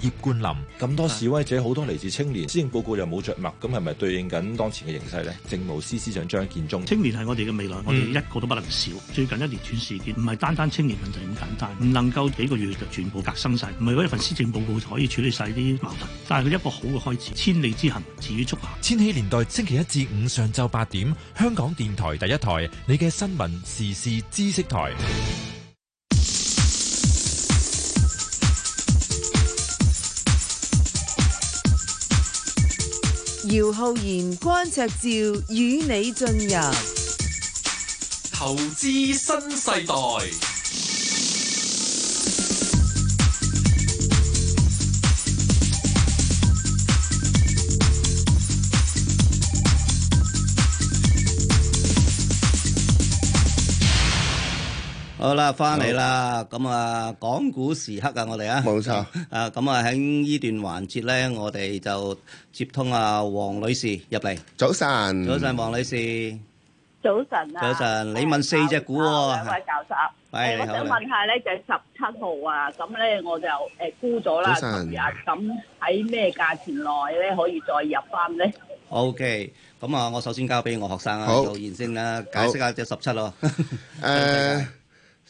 葉冠林，咁多示威者，好的多嚟自青年，施政報告又冇着墨，咁係咪對應緊當前嘅形勢呢？政務司司長張建宗，青年係我哋嘅未來，我哋一個都不能少。嗯、最近一連串事件，唔係單單青年問題咁簡單，唔能夠幾個月就全部革新晒，唔係嗰一份施政報告就可以處理晒啲矛盾，但係佢一個好嘅開始。千里之行，始於足下。千禧年代，星期一至五上晝八點，香港電台第一台，你嘅新聞時事知識台。姚浩然、關卓照與你進入投資新世代。好，好啦，翻嚟啦，咁啊，講古時刻錯啊，我哋啊，冇錯，啊，咁啊，喺呢段環節咧，我哋就。接通啊，黃女士入嚟。早晨，早晨，黃女士。早晨啊。早晨，你問四隻股喎。兩位教授。係。我想問下咧，就係十七號啊，咁咧我就誒沽咗啦。早晨。咁喺咩價錢內咧可以再入翻咧？O K，咁啊，我首先交俾我學生啊，做言先啦，解釋下隻十七咯。誒。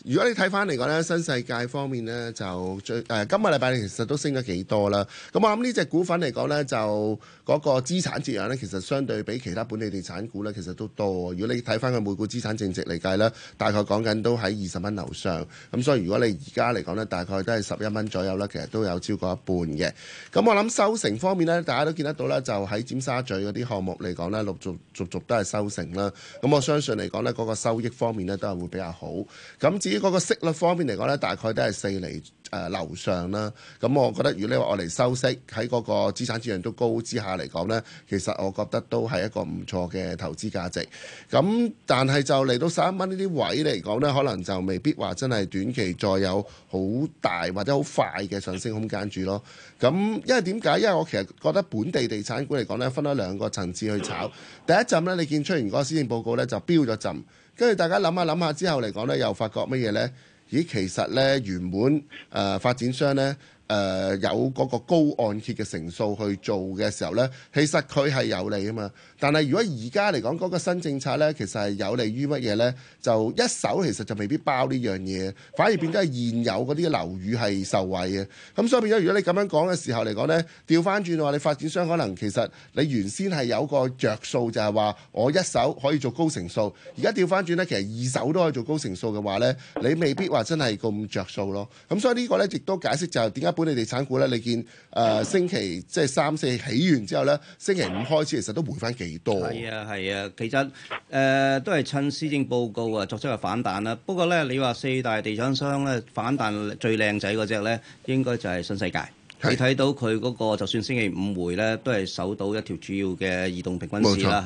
如果你睇翻嚟講呢，新世界方面呢，就最誒、呃，今日禮拜其實都升咗幾多啦。咁我諗呢隻股份嚟講呢，就嗰、那個資產折讓呢，其實相對比其他本地地產股呢，其實都多。如果你睇翻佢每股資產淨值嚟計呢，大概講緊都喺二十蚊樓上。咁所以如果你而家嚟講呢，大概都係十一蚊左右呢，其實都有超過一半嘅。咁我諗收成方面呢，大家都見得到啦，就喺尖沙咀嗰啲項目嚟講呢，陸續續續都係收成啦。咁我相信嚟講呢，嗰、那個收益方面呢，都係會比較好。咁至於嗰個息率方面嚟講咧，大概都係四厘誒樓上啦。咁我覺得，如果你話我嚟收息，喺嗰個資產質量都高之下嚟講咧，其實我覺得都係一個唔錯嘅投資價值。咁但係就嚟到十一蚊呢啲位嚟講咧，可能就未必話真係短期再有好大或者好快嘅上升空間住咯。咁因為點解？因為我其實覺得本地地產股嚟講咧，分咗兩個層次去炒。第一陣咧，你見出現嗰個施政報告咧，就飆咗陣。跟住大家諗下諗下之後嚟講呢，又發覺乜嘢呢？咦，其實呢，原本誒、呃、發展商呢，誒、呃、有嗰個高按揭嘅成數去做嘅時候呢，其實佢係有利啊嘛。但係如果而家嚟講嗰個新政策呢，其實係有利於乜嘢呢？就一手其實就未必包呢樣嘢，反而變咗係現有嗰啲樓宇係受惠嘅。咁所以變咗，如果你咁樣講嘅時候嚟講呢，調翻轉嘅話你發展商可能其實你原先係有個着數，就係話我一手可以做高成數。而家調翻轉呢，其實二手都可以做高成數嘅話呢，你未必話真係咁着數咯。咁所以呢個呢，亦都解釋就係點解本地地產股呢，你見誒、呃、星期即係三四起完之後呢，星期五開始其實都回翻幾。係多啊，係啊，其實誒、呃、都係趁施政報告啊作出個反彈啦。不過咧，你話四大地產商咧反彈最靚仔嗰隻咧，應該就係新世界。是你睇到佢嗰，那個就算星期五回咧，都係守到一條主要嘅移動平均線啦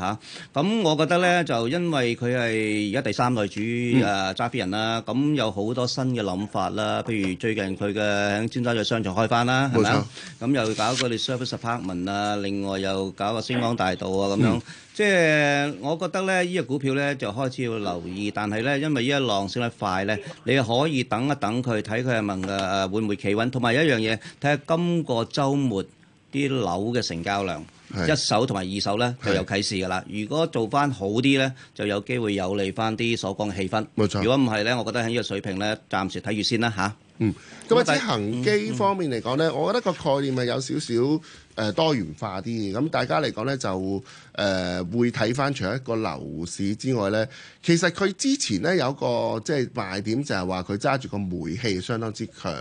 嚇。咁錯、啊、我覺得咧，就因為佢係而家第三代主誒揸飛人啦，咁有好多新嘅諗法啦。譬如最近佢嘅喺尖沙咀商場開翻啦，係咪啊？咁又搞個啲 service apartment 啊，另外又搞個星光大道啊咁樣。嗯嗯。即係我覺得呢依、這個股票呢，就開始要留意，但係呢，因為呢一浪升得快呢，你可以等一等佢，睇佢係問誒會唔會企穩。同埋一樣嘢，睇下今個週末啲樓嘅成交量，一手同埋二手呢，就有啟示噶啦。如果做翻好啲呢，就有機會有利翻啲所講嘅氣氛。冇錯。如果唔係呢，我覺得喺呢個水平呢，暫時睇住先啦吓、嗯嗯嗯？嗯。咁或者恆基方面嚟講呢，我覺得個概念係有少少，少。誒、呃、多元化啲，咁大家嚟講呢，就誒、呃、會睇返，除一個樓市之外呢，其實佢之前呢有個即係賣點就係話佢揸住個煤氣相當之強，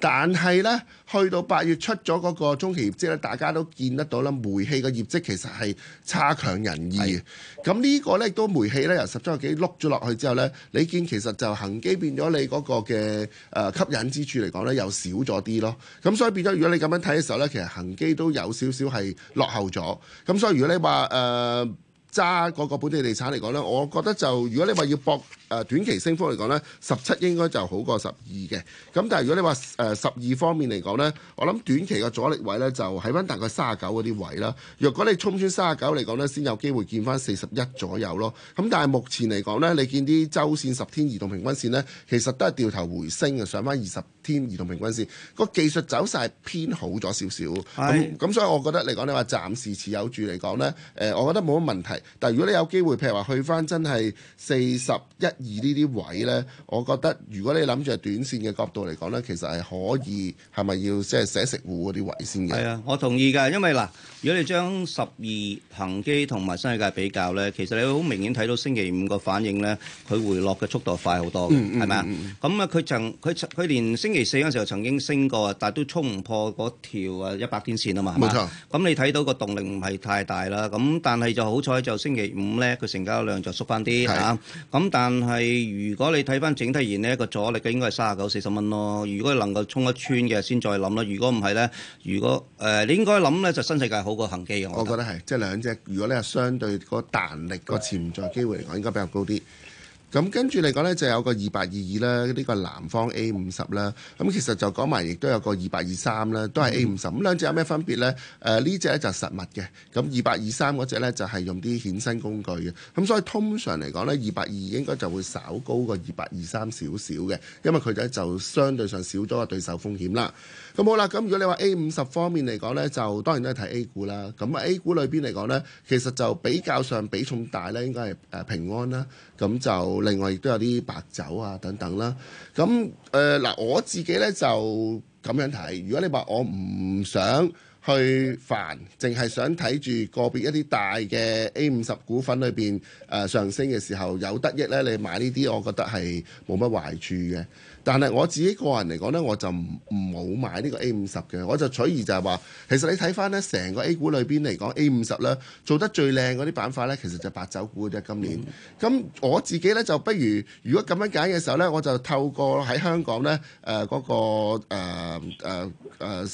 但係呢。去到八月出咗嗰個中期業績咧，大家都見得到啦。煤氣嘅業績其實係差強人意，咁呢的個呢，都煤氣呢，由十張個幾碌咗落去之後呢，你見其實就恆基變咗你嗰個嘅誒、呃、吸引之處嚟講呢，又少咗啲咯。咁所以變咗，如果你咁樣睇嘅時候呢，其實恆基都有少少係落後咗。咁所以如果你話誒、呃揸個本地地產嚟講呢，我覺得就如果你話要搏誒短期升幅嚟講呢，十七應該就好過十二嘅。咁但係如果你話誒十二方面嚟講呢，我諗短期嘅阻力位呢，就喺翻大概三十九嗰啲位啦。若果你衝穿三十九嚟講呢，先有機會見翻四十一左右咯。咁但係目前嚟講呢，你見啲周線十天移動平均線呢，其實都係掉頭回升嘅，上翻二十天移動平均線。個技術走勢偏好咗少少。係是。咁所以我覺得嚟講，你話暫時持有住嚟講呢，誒、呃，我覺得冇乜問題。但係如果你有機會，譬如話去翻真係四十一二呢啲位咧，我覺得如果你諗住係短線嘅角度嚟講咧，其實係可以係咪要即係寫食糊嗰啲位先嘅？係啊，我同意㗎，因為嗱，如果你將十二恒基同埋新世界比較咧，其實你好明顯睇到星期五個反應咧，佢回落嘅速度係快好多嘅，係咪啊？咁啊，佢曾佢佢連星期四嗰時候曾經升過，但係都衝唔破嗰條啊一百天線啊嘛，冇錯。咁你睇到個動力唔係太大啦，咁但係就好彩。就星期五咧，佢成交量就縮翻啲嚇。咁是、啊、但係如果你睇翻整體現呢個阻力嘅應該係三啊九四十蚊咯。如果能夠衝一穿嘅，先再諗啦。如果唔係咧，如果誒、呃，你應該諗咧就新世界好過恒基。我覺得係，嗯、即係兩隻，如果你係相對嗰彈力個潛在機會嚟講，應該比較高啲。咁跟住嚟講呢，就有個二八二二啦，呢個南方 A 五十啦。咁其實就講埋，亦都有個二八二三啦，都係 A 五十。咁兩隻有咩分別呢？誒、呃，呢隻咧就實物嘅。咁二八二三嗰隻呢，就係、是就是、用啲衍生工具嘅。咁所以通常嚟講呢，二八二二應該就會稍高過二八二三少少嘅，因為佢哋就相對上少咗個對手風險啦。咁好啦，咁如果你話 A 五十方面嚟講呢，就當然都係睇 A 股啦。咁 A 股裏邊嚟講呢，其實就比較上比重大呢，應該係誒平安啦。咁就另外亦都有啲白酒啊等等啦。咁誒嗱，我自己呢就咁樣睇。如果你話我唔想去煩，淨係想睇住個別一啲大嘅 A 五十股份裏邊誒上升嘅時候有得益呢，你買呢啲，我覺得係冇乜壞處嘅。但係我自己個人嚟講呢，我就唔唔冇買呢個 A 五十嘅，我就取而就係話，其實你睇翻呢成個 A 股裏邊嚟講 A 五十呢做得最靚嗰啲板塊呢，其實就白酒股嘅啫，今年。咁我自己呢就不如，如果咁樣揀嘅時候呢，我就透過喺香港呢誒嗰、呃那個誒誒、呃呃呃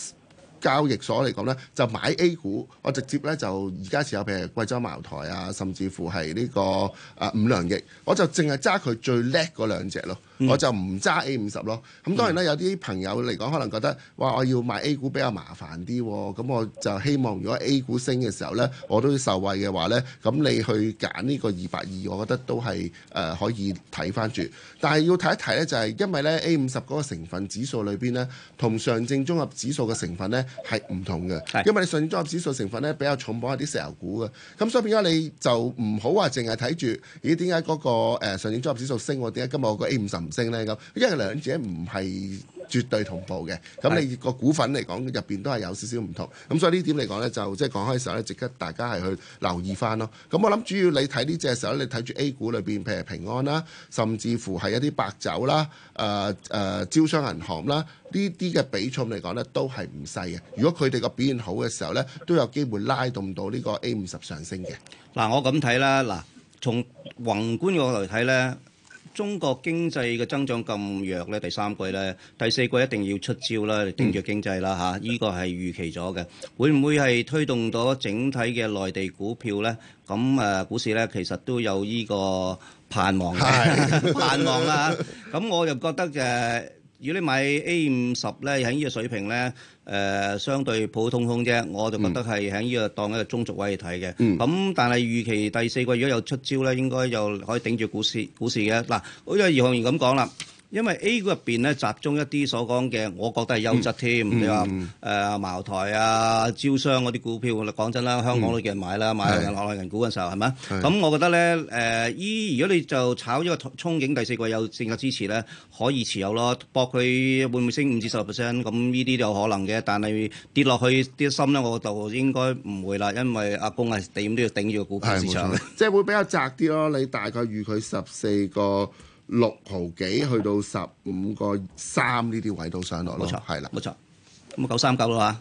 交易所嚟講呢，就買 A 股，我直接呢，就而家持有，譬如貴州茅台啊，甚至乎係呢、呢個誒、呃、五糧液，我就淨係揸佢最叻嗰兩隻咯，我就唔揸 A 五十咯。咁當然啦，有啲朋友嚟講可能覺得，哇，我要買 A 股比較麻煩啲，咁我就希望如果 A 股升嘅時候呢，我都要受惠嘅話呢。咁你去揀呢個二百二，我覺得都係誒、呃、可以睇翻住。但係要睇一睇呢、就係，就係因為呢 A 五十嗰個成分指數裏邊呢，同上證綜合指數嘅成分呢。係唔同嘅，的因為你上證綜合指數成分咧比較重磅一啲石油股嘅，咁所以變咗你就唔好話淨係睇住，咦，點解嗰個誒、呃、上證綜合指數升，我點解今日個 A 五十唔升咧？咁因為兩者唔係絕對同步嘅，咁你個股份嚟講入邊都係有少少唔同，咁所以呢點嚟講呢，就即係講開嘅時候呢，值得大家係去留意翻咯。咁我諗主要你睇呢隻時候你睇住 A 股裏邊，譬如平安啦，甚至乎係一啲白酒啦、誒、呃、誒、呃、招商銀行啦，呢啲嘅比重嚟講呢，都係唔細嘅。如果佢哋個表現好嘅時候呢，都有機會拉動到呢個 A 五十上升嘅。嗱，我咁睇啦，嗱，從宏觀嘅角度嚟睇呢。中國經濟嘅增長咁弱咧，第三季咧、第四季一定要出招啦，定住經濟啦嚇，依個係預期咗嘅。會唔會係推動到整體嘅內地股票咧？咁誒股市咧，其實都有呢個盼望嘅是的 盼望啦。咁我又覺得誒，如果你買 A 五十咧，喺呢個水平咧。誒、呃、相對普普通通啫，我就覺得係喺呢個當一個中軸位嚟睇嘅。咁、嗯、但係預期第四季如果有出招咧，應該又可以頂住股市股市嘅。嗱，好似葉紅賢咁講啦。因為 A 股入邊咧集中一啲所講嘅，我覺得係優質添。你話誒茅台啊、招商嗰啲股票，講真啦，香港都幾人買啦，買落外人股嘅時候係咪啊？咁的的、嗯、我覺得咧誒，依、呃、如果你就炒呢個憧憬第四季有性嘅支持咧，可以持有咯，博佢會唔會升五至十個 percent？咁依啲有可能嘅，但係跌落去啲深咧，我就應該唔會啦，因為阿公係點都要頂住個股票市場， 即係會比較窄啲咯。你大概預佢十四個。六毫幾去到十五個三呢啲位都上落，冇錯，係啦，冇錯，咁啊九三九啦，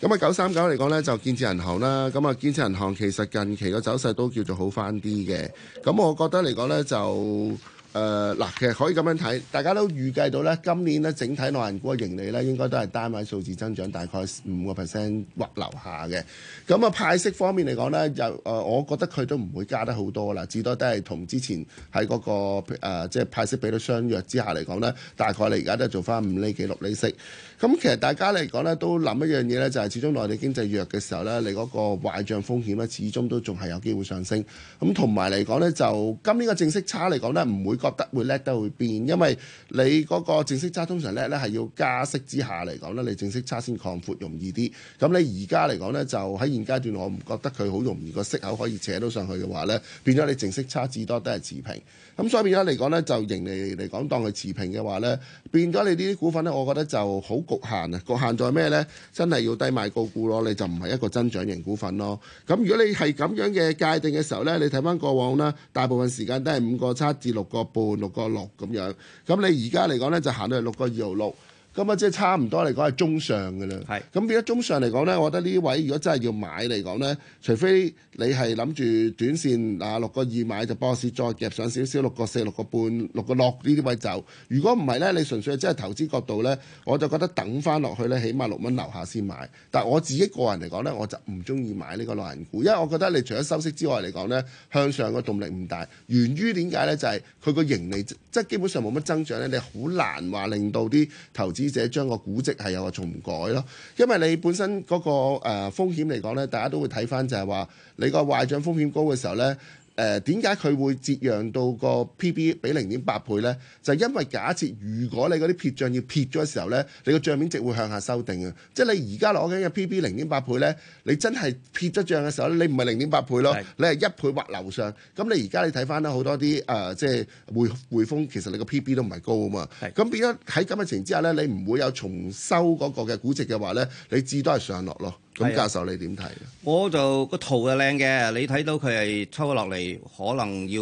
咁啊九三九嚟講呢，就建設銀行啦，咁啊建設銀行其實近期個走勢都叫做好翻啲嘅，咁我覺得嚟講呢，就。誒嗱、呃，其實可以咁樣睇，大家都預計到咧，今年咧整體內銀股嘅盈利咧，應該都係單位數字增長大概五個 percent 或以下嘅。咁啊派息方面嚟講呢，又、呃、誒，我覺得佢都唔會加得好多啦，至多都係同之前喺嗰、那個即係、呃就是、派息比率相約之下嚟講呢，大概你而家都係做翻五厘幾六厘息。咁其實大家嚟講咧，都諗一樣嘢咧，就係始終內地經濟弱嘅時候咧，你嗰個壞帳風險咧，始終都仲係有機會上升。咁同埋嚟講咧，就今年個正息差嚟講咧，唔會覺得會叻得會變，因為你嗰個正息差通常叻咧係要加息之下嚟講咧，你正息差先擴闊容易啲。咁你而家嚟講咧，就喺現階段我唔覺得佢好容易個息口可以扯到上去嘅話咧，變咗你正息差至多都係持平。咁所以而家嚟講咧，就盈利嚟講當佢持平嘅話咧，變咗你呢啲股份咧，我覺得就好局限啊！局限在咩咧？真係要低賣高沽咯，你就唔係一個增長型股份咯。咁如果你係咁樣嘅界定嘅時候咧，你睇翻過往啦，大部分時間都係五個七至六個半、六個六咁樣。咁你而家嚟講咧，就行到係六個二毫六。咁啊，即係差唔多嚟講係中上嘅啦。係是，咁變咗中上嚟講呢，我覺得呢位如果真係要買嚟講呢，除非你係諗住短線啊，六個二買就波市，再夾上少少六個四、六個半、六個六呢啲位走。如果唔係呢，你純粹係真係投資角度呢，我就覺得等翻落去呢，起碼六蚊樓下先買。但係我自己個人嚟講呢，我就唔中意買呢個老人股，因為我覺得你除咗收息之外嚟講呢，向上個動力唔大，源於點解呢？就係佢個盈利即係基本上冇乜增長呢，你好難話令到啲投資。記者將個估值係有個重改咯，因為你本身嗰、那個誒、呃、風險嚟講咧，大家都會睇翻就係話你個壞賬風險高嘅時候咧。誒，點解佢會折讓到個 P/B 比零點八倍呢？就因為假設如果你嗰啲撇帳要撇咗嘅時候呢，你個帳面值會向下修訂嘅。即係你而家攞緊嘅 P/B 零點八倍呢，你真係撇咗帳嘅時候，你唔係零點八倍咯，是你係一倍或樓上。咁你而家你睇翻啦，好多啲誒即係匯匯豐，其實你個 P/B 都唔係高啊嘛。咁是變咗喺咁嘅情況之下呢，你唔會有重修嗰個嘅估值嘅話呢，你至多係上落咯。咁教授你點睇？我就、個圖就靚嘅，你睇到佢係抽落嚟，可能要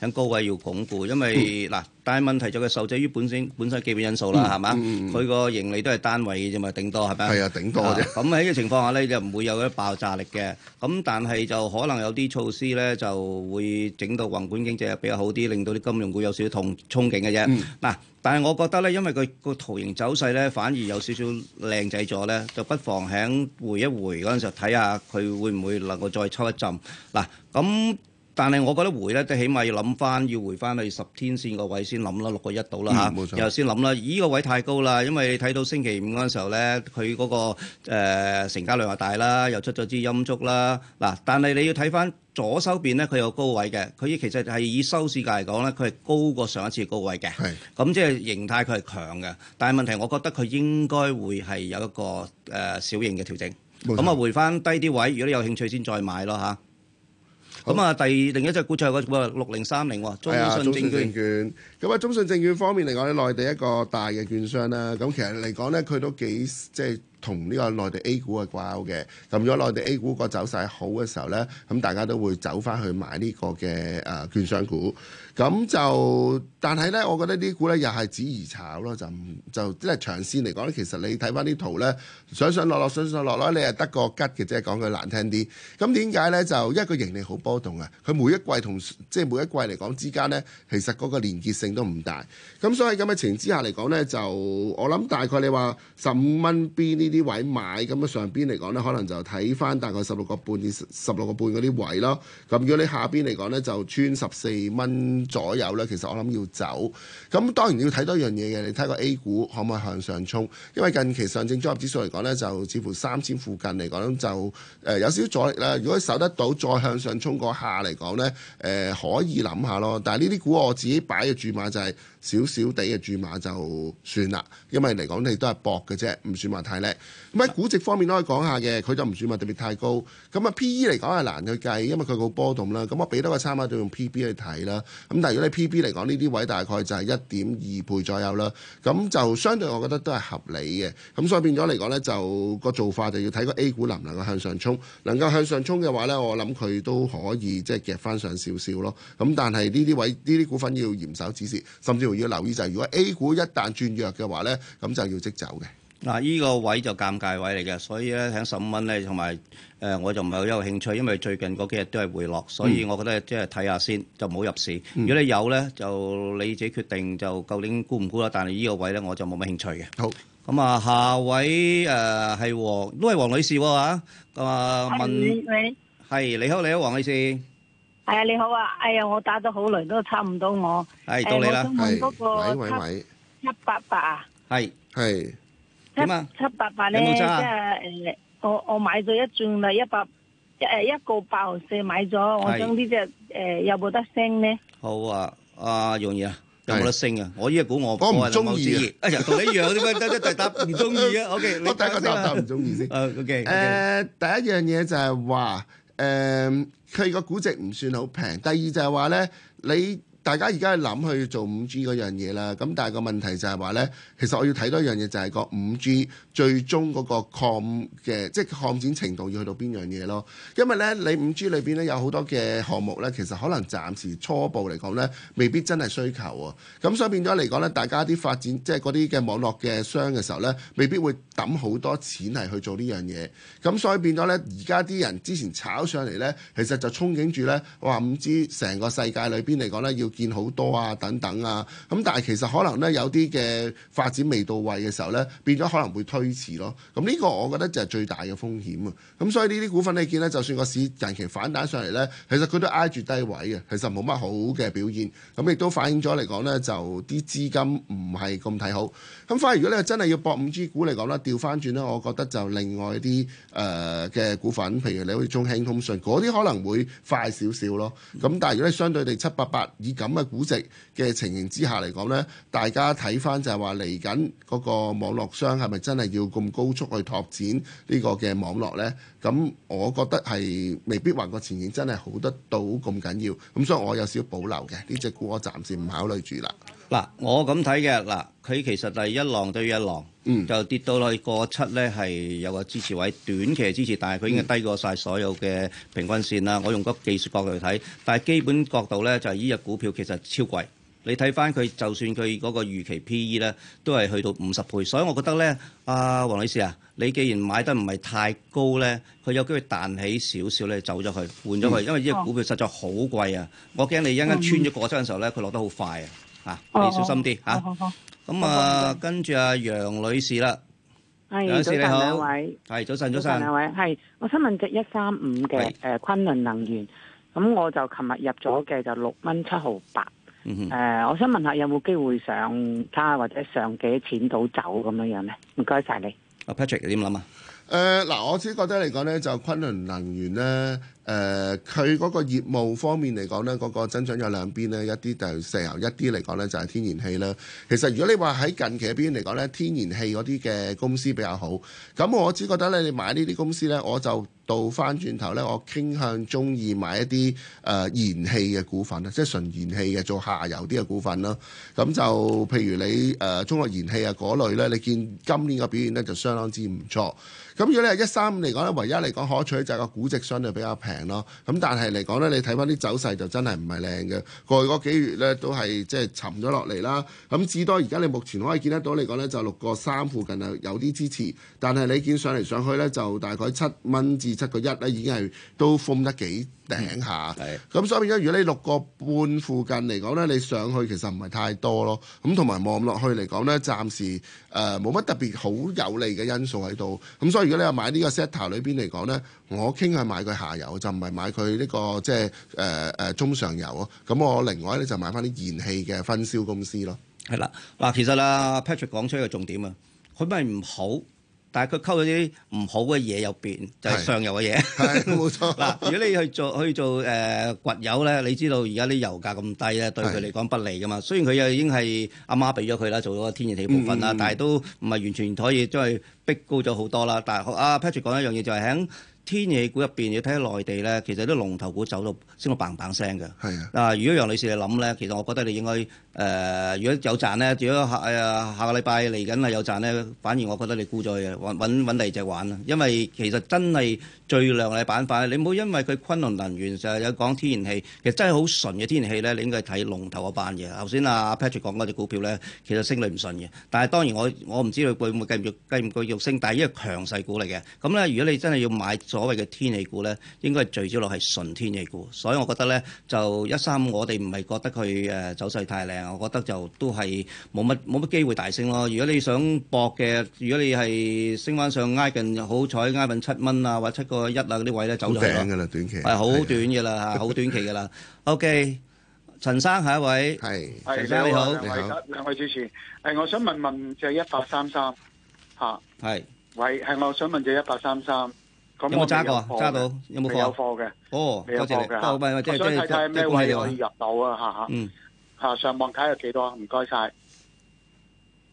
喺高位要鞏固，因為、嗯但係問題就係受制於本身本身基本因素啦，係嘛？佢個盈利都係單位嘅啫嘛，頂多係咪？係啊，頂多啫。咁喺呢個嘅情況下咧，就唔會有啲爆炸力嘅。咁但係就可能有啲措施咧，就會整到宏觀經濟比較好啲，令到啲金融股有少少痛憧憬嘅啫。嗱，但係我覺得咧，因為佢個圖形走勢咧，反而有少少靚仔咗咧，就不妨喺回一回嗰陣時睇下佢會唔會能夠再抽一浸。嗱，咁。但係，我覺得回咧都起碼要諗翻，要回翻去十天線個位先諗啦，六個一度啦嚇，嗯、然後先諗啦。依是的 個位太高啦，因為你睇到星期五嗰陣時候咧，佢嗰、那個、呃、成交量又大啦，又出咗支陰燭啦。嗱，但係你要睇翻左手邊咧，佢有高位嘅。佢其實係以收市價嚟講咧，佢係高過上一次高位嘅。係。咁即係形態佢係強嘅，但係問題我覺得佢應該會係有一個誒、呃、小型嘅調整。冇沒錯。咁啊，回翻低啲位，如果你有興趣先再買咯嚇。咁啊，第二另一隻股就係六零三零喎，中信證券。咁啊，中信證券方面嚟講咧，內地一個大嘅券商啦。咁其實嚟講咧，佢都幾，即係。同呢個內地 A 股係掛鈎嘅，咁如果內地 A 股個走勢好嘅時候呢，咁大家都會走翻去買呢個嘅誒券商股，咁就但係呢，我覺得啲股呢，又係指兒炒咯，就就即係、就是、長線嚟講咧，其實你睇翻啲圖呢，上上落落，上上落落，你係得個吉嘅即係，講句難聽啲。咁點解呢？就一個盈利好波動啊，佢每一季同即係每一季嚟講之間呢，其實嗰個連結性都唔大。咁所以咁嘅情形之下嚟講呢，就我諗大概你話十五蚊 B 呢啲。啲位買咁啊，上邊嚟講呢，可能就睇翻大概十六個半、十六個半嗰啲位咯。咁如果你下邊嚟講呢，就穿十四蚊左右呢。其實我諗要走，咁當然要睇多樣嘢嘅。你睇個 A 股可唔可以向上衝？因為近期上證綜合指數嚟講呢，就似乎三千附近嚟講就誒有少少阻力啦。如果守得到再向上衝個下嚟講呢，誒、呃、可以諗下咯。但係呢啲股我自己擺嘅注碼就係、是。少少地嘅注碼就算啦，因為嚟講你都係薄嘅啫，唔算話太叻。咁喺估值方面都可以講下嘅，佢就唔算話特別太高。咁啊 P E 嚟講係難去計，因為佢好波動啦。咁我俾多個參考就用 P B 去睇啦。咁但係如果你 P B 嚟講呢啲位大概就係一點二倍左右啦。咁就相對我覺得都係合理嘅。咁所以變咗嚟講呢，就個做法就要睇個 A 股能唔能夠向上衝。能夠向上衝嘅話呢，我諗佢都可以即係夾翻上少少咯。咁但係呢啲位呢啲股份要嚴守指示，甚至會。要留意就係，如果 A 股一旦轉弱嘅話咧，咁就要即走嘅。嗱，依個位就尷尬位嚟嘅，所以咧喺十五蚊咧，同埋誒，我就唔係好有興趣，因為最近嗰幾日都係回落，嗯、所以我覺得即係睇下先，就唔好入市。嗯、如果你有咧，就你自己決定，就究竟沽唔沽啦。但係依個位咧，我就冇乜興趣嘅。好，咁啊，下位誒係黃，都係黃女士喎。咁啊，問，係、嗯、你好，你好，黃女士。係啊，你好啊，哎呀，我打咗好耐都差唔多，我誒，我想問嗰個七七百八啊，係係七七百八咧，即係誒，我我買咗一注啦，一百一誒一個八毫四買咗，我將呢隻誒有冇得升咧？好啊，阿容兒啊，有冇得升啊？我依家估我我唔中意啊，啊，同你一樣點解？第第日答唔中意啊？O K，你第一個先啦，唔中意先。誒，O K，誒，第一樣嘢就係話。誒，佢個、呃、估值唔算好平。第二就係話咧，你。大家而家諗去做五 G 嗰樣嘢啦，咁但係個問題就係話呢，其實我要睇多樣嘢，就係個五 G 最終嗰個擴嘅，即係擴展程度要去到邊樣嘢咯。因為呢，你五 G 裏邊呢有好多嘅項目呢，其實可能暫時初步嚟講呢，未必真係需求啊。咁所以變咗嚟講呢，大家啲發展即係嗰啲嘅網絡嘅商嘅時候呢，未必會揼好多錢嚟去做呢樣嘢。咁所以變咗呢，而家啲人之前炒上嚟呢，其實就憧憬住呢，話五 G 成個世界裏邊嚟講呢。要。見好多啊，等等啊，咁但係其實可能呢，有啲嘅發展未到位嘅時候呢，變咗可能會推遲咯。咁、嗯、呢、呢個我覺得就係最大嘅風險啊。咁、嗯、所以呢啲股份你見呢，就算個市近期反彈上嚟呢，其實佢都挨住低位嘅，其實冇乜好嘅表現。咁、嗯、亦都反映咗嚟講呢，就啲資金唔係咁睇好。咁反而，如果你真係要博五 G 股嚟講啦，調翻轉咧，我覺得就另外啲誒嘅股份，譬如你好似中興通訊，嗰啲可能會快少少咯。咁但係如果你相對地七八八以咁嘅估值嘅情形之下嚟講呢，大家睇翻就係話嚟緊嗰個網絡商係咪真係要咁高速去拓展呢個嘅網絡呢？咁我覺得係未必話個前景真係好得到咁緊要。咁所以我有少少保留嘅呢隻股，我暫時唔考慮住啦。嗱，我咁睇嘅，嗱，佢其實係一浪對一浪，嗯、就跌到去過七咧，係有個支持位，短期支持，但係佢已經低過晒所有嘅平均線啦。嗯、我用個技術角度去睇，但係基本角度咧就係依隻股票其實超貴。你睇翻佢，就算佢嗰個預期 P E 咧，都係去到五十倍。所以我覺得咧，阿、啊、黃女士啊，你既然買得唔係太高咧，佢有機會彈起少少咧，走咗去，換咗佢，嗯、因為呢隻股票實在好貴啊。我驚你一陣間穿咗過七嘅時候咧，佢落得好快啊。吓、 啊，你小心啲吓。咁啊， 啊，跟住阿、啊、楊女士啦。Hey, 楊女士安你好，係早晨，兩位。係早晨，早晨兩位。係、啊啊啊，我想問隻一三五嘅誒昆崙能源，咁是、呃、我就琴日入咗嘅就六蚊七毫八。誒，我想問下有冇機會上差或者上幾錢到走咁樣樣咧？唔該晒你。阿 Patrick 點諗啊？誒、啊、嗱、啊呃，我自己覺得嚟講咧，就昆崙能源咧。誒，佢嗰個業務方面嚟講呢，嗰、嗰個增長有兩邊呢，一啲就石油，一啲嚟講呢就係天然氣啦。其實如果你話喺近期一邊嚟講呢，天然氣嗰啲嘅公司比較好。咁我只覺得呢你買呢啲公司呢，我就倒翻轉頭呢。我傾向中意買一啲誒、呃、燃氣嘅股份，即係純燃氣嘅做下游啲嘅股份啦。咁就譬如你誒、呃、中國燃氣啊嗰類咧，你見今年嘅表現呢，就相當之唔錯。咁如果你係一三五嚟講呢，唯一嚟講可取就係個估值相對比較平。咯咁，但係嚟講呢，你睇返啲走勢就真係唔係靚嘅。過去嗰幾月呢，都係即係沉咗落嚟啦。咁至多而家你目前可以見得到嚟講呢，就六個三附近係有啲支持，但係你見上嚟上去呢，就大概七蚊至七個一呢，已經係都封得幾。頂下，咁、嗯、所以如果如果你六個半附近嚟講咧，你上去其實唔係太多咯。咁同埋望落去嚟講咧，暫時誒冇乜特別好有利嘅因素喺度。咁所以如果你話買個裡呢個 sector 裏邊嚟講咧，我傾係買佢下游，就唔係買佢呢、呢個即係誒誒中上游啊。咁我另外咧就買翻啲燃氣嘅分銷公司咯。係啦，嗱，其實啊 Patrick 講出一個重點啊，佢咪唔好。但係佢溝咗啲唔好嘅嘢入邊，就係、是、上游嘅嘢。冇 錯。嗱， 如果你去做去做誒掘、呃、油咧，你知道而家啲油價咁低咧，對佢嚟講不利噶嘛。是雖然佢又已經係阿媽俾咗佢啦，做咗個天然氣部分啦，嗯、但係都唔係完全可以將佢逼高咗好多啦。但係、啊、阿 Patrick 講一樣嘢就係、是、喺天然氣股入邊，你睇下內地咧，其實啲龍頭股走到先會棒棒聲嘅。係啊。嗱、啊，如果楊女士你諗咧，其實我覺得你應該。誒、呃，如果有賺咧，如果下誒下個禮拜嚟緊係有賺咧，反而我覺得你沽咗嘅，揾揾第二隻玩啦。因為其實真係最靚嘅板塊，你唔好因為佢昆侖能源成日有講天然氣，其實真係好純嘅天然氣咧，你應該係睇龍頭嗰班嘅。頭先阿、啊、Patrick 講嗰隻股票咧，其實升率唔順嘅，但係當然我我唔知佢會唔會繼續繼唔繼續升，但係因為強勢股嚟嘅。咁咧，如果你真係要買所謂嘅天氣股咧，應該係聚焦落係純天氣股，所以我覺得咧，就一三五我哋唔係覺得佢誒走勢太靚。我覺得就都係冇乜冇乜機會大升咯。如果你想搏嘅，如果你係升翻上挨近，好彩挨近七蚊啊，或者七個一啊嗰啲位咧走咗咯。係好短嘅啦，吓好短期嘅啦。OK，陳生下一位係陳生，你好，你好兩位主持，係我想問問就一八三三吓。係，喂，係我想問就一八三三，有冇揸過？揸到有冇貨？有貨嘅，哦，多謝你。我想睇睇，咩位可以入到啊吓吓。上網卡有幾多？唔該晒。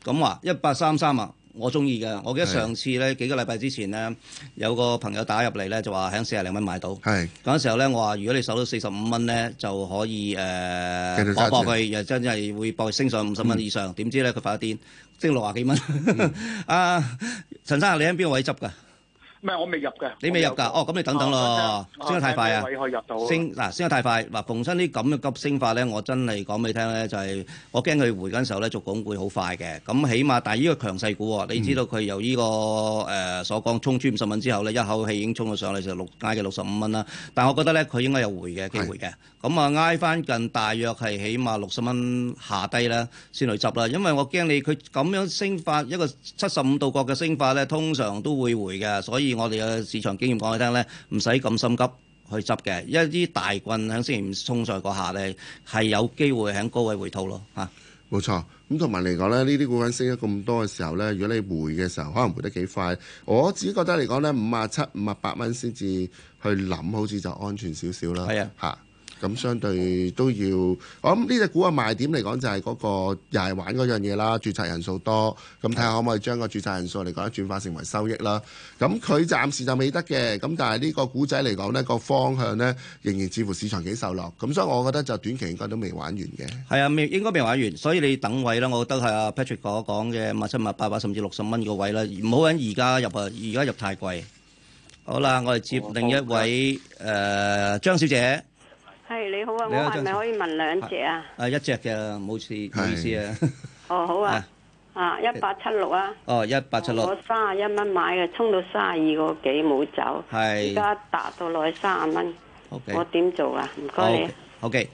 咁話一八三三啊，33，我中意嘅。我記得上次咧是的 幾個禮拜之前咧，有個朋友打入嚟咧就話喺四廿零蚊買到。係嗰陣時候咧，我話如果你守到四十五蚊咧，就可以誒，我搏佢又真真係會搏佢升上五十蚊以上。點、嗯、知咧佢發癲，升六廿幾蚊。阿、 嗯啊、陳生，你喺邊個位執㗎？咩我未入嘅，你未入㗎？哦，咁你等等咯，升得太快啊！升嗱升得太快，嗱逢親啲咁嘅急升法咧，我真係講俾你聽咧，就係我驚佢回緊時候咧，逐股會好快嘅。咁起碼，但係呢個強勢股，你知道佢由呢個誒所講衝出五十蚊之後咧，一口氣已經衝咗上嚟就六挨嘅六十五蚊啦。但係我覺得咧，佢應該有回嘅機會嘅。咁啊，挨翻近大約係起碼六十蚊下低咧先去執啦，因為我驚你佢咁樣升法一個七十五度角嘅升法咧，通常都會回嘅，所以。我哋嘅市場經驗講佢聽咧，唔使咁心急去執嘅，一啲大棍喺星期五衝上嗰下咧，係有機會喺高位回吐咯嚇。冇、啊、錯，咁同埋嚟講咧，呢啲股份升咗咁多嘅時候咧，如果你回嘅時候，可能回得幾快。我自己覺得嚟講咧，五啊七、五啊八蚊先至去諗，好似就安全少少啦。係啊，嚇、啊。啊。咁相對都要，我諗呢隻股嘅賣點嚟講就係嗰個又係玩嗰樣嘢啦，註冊人數多，咁睇下可唔可以將個註冊人數嚟講轉化成為收益啦。咁佢暫時就未得嘅，咁但係呢個股仔嚟講呢，個方向呢仍然似乎市場幾受落，咁所以我覺得就短期應該都未玩完嘅。係啊，未應該未玩完，所以你等位啦。我覺得係阿 Patrick 所講嘅七七八八甚至六十蚊個位啦，唔好揾而家入啊，而家入太貴。好啦，我哋接另一位誒張小姐。係你好啊，我係咪可以問兩隻啊？係、啊、一隻嘅，冇事冇意思啊。是 哦好啊，啊一八七六啊。哦一八七六。我三十一蚊買嘅，衝到三十二個幾冇走，而家達到落去三十蚊。Okay. 我點做啊？唔該你、啊。O K。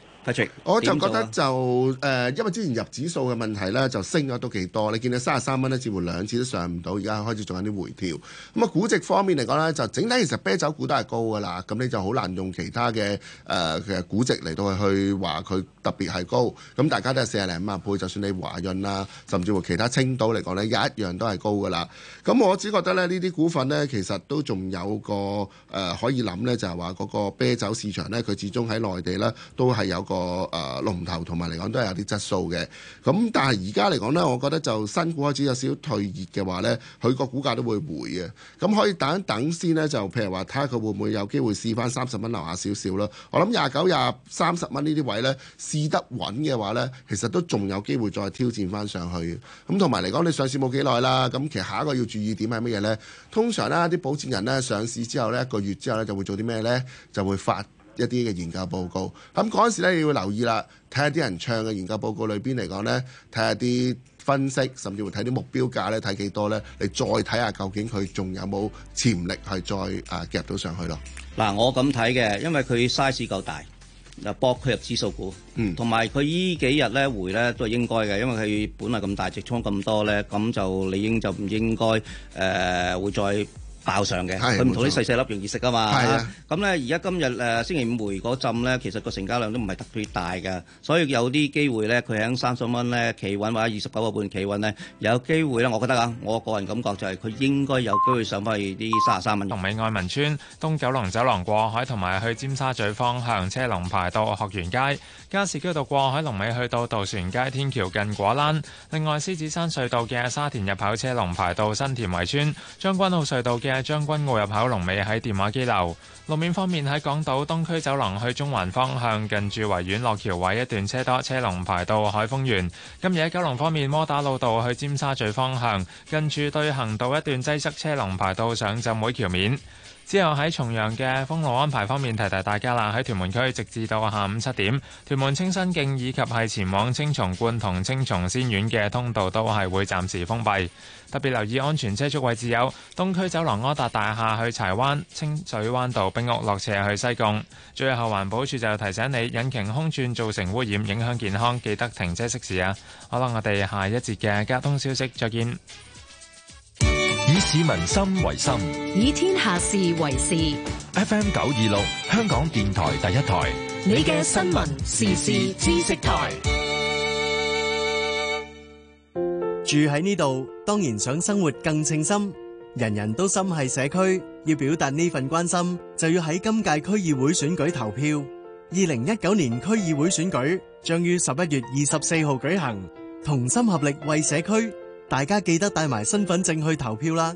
我就覺得就誒，因、呃、為之前入指數嘅問題咧，就升咗都幾多。你見到三十三蚊咧，甚至乎兩次都上唔到，而家開始仲有啲回調。咁、嗯、啊，估值方面嚟講咧，就整體其實啤酒股都係高噶啦。咁你就好難用其他嘅誒嘅估值嚟到去話佢特別係高。咁、嗯、大家都係四廿零萬倍，就算你華潤啦、啊，甚至乎其他青島嚟講咧，一樣都係高噶啦。咁、嗯、我只覺得咧，呢啲股份咧，其實都仲有個誒、呃、可以諗咧，就係話嗰個啤酒市場咧，佢始終喺內地咧都係有個。個誒、呃、龍頭同埋嚟講都係有啲質素嘅，咁但係而家嚟講呢，我覺得就新股開始有少少退熱嘅話呢，佢個股價都會回嘅。咁可以等一等先呢，就譬如話睇下佢會唔會有機會試翻三十蚊留下少少啦。我諗廿九、廿三十蚊呢啲位呢，試得穩嘅話呢，其實都仲有機會再挑戰翻上去。咁同埋嚟講，你上市冇幾耐啦，咁其實下一個要注意點係乜嘢呢？通常呢啲保證人呢，上市之後呢，一個月之後呢，就會做啲咩呢？就會發，一啲嘅研究報告，咁嗰陣時咧，你要留意啦，睇下啲人唱嘅研究報告裏邊嚟講咧，睇下啲分析，甚至乎睇啲目標價咧，睇幾多咧，你再睇下究竟佢仲有冇潛力係再誒、啊、夾到上去咯。嗱，我咁睇嘅，因為佢 size 夠大，又博佢入指數股，嗯，同埋佢依幾日咧回咧都應該嘅，因為佢本嚟咁大，積倉咁多咧，咁就理應就唔應該誒、呃、會再。爆上嘅，佢唔同啲細細粒容易食㗎嘛，咁咧而家今日誒星期五回嗰陣咧，其實個成交量都唔係特別大嘅，所以有啲機會咧，佢喺三十蚊咧企穩或者二十九個半企穩咧，有機會咧，我覺得啊，我個人感覺就係佢應該有機會上返去啲三啊三十三蚊。龍尾愛民村、東九龍走廊過海同埋去尖沙咀方向車龍排到學園街、加士居道過海龍尾去到渡船街天橋近果欄，另外獅子山隧道嘅沙田入口車龍排到新田圍村、將軍澳隧道嘅。將軍澳入口龍尾喺電話機樓。路面方面，喺港島東區走廊去中環方向近住維園落橋位一段車多，車龍排到海峰園。今日喺九龍方面，窩打老道去尖沙咀方向近住對行道一段擠塞，車龍排到上浸會橋面。之後喺重陽嘅封路安排方面，提提大家啦，喺屯門區直至到下午七點，屯門清新徑以及係前往青松觀同青松仙苑嘅通道都係會暫時封閉。特別留意安全車速位置，有東區走廊柯達大廈去柴灣清水灣道、冰屋落斜去西貢。最後，環保署就提醒你，引擎空轉造成污染，影響健康，記得停車熄匙啊！好啦，我哋下一節嘅交通消息，再見。以市民心為心，以天下事為事。FM 九二六，香港電台第一台，你嘅新聞時事知識台。住喺呢度，當然想生活更稱心。人人都心係社區，要表達呢份關心，就要喺今屆區議會選舉投票。二零一九年區議會選舉將於十一月二十四號舉行，同心合力為社區。大家記得帶埋身份證去投票啦！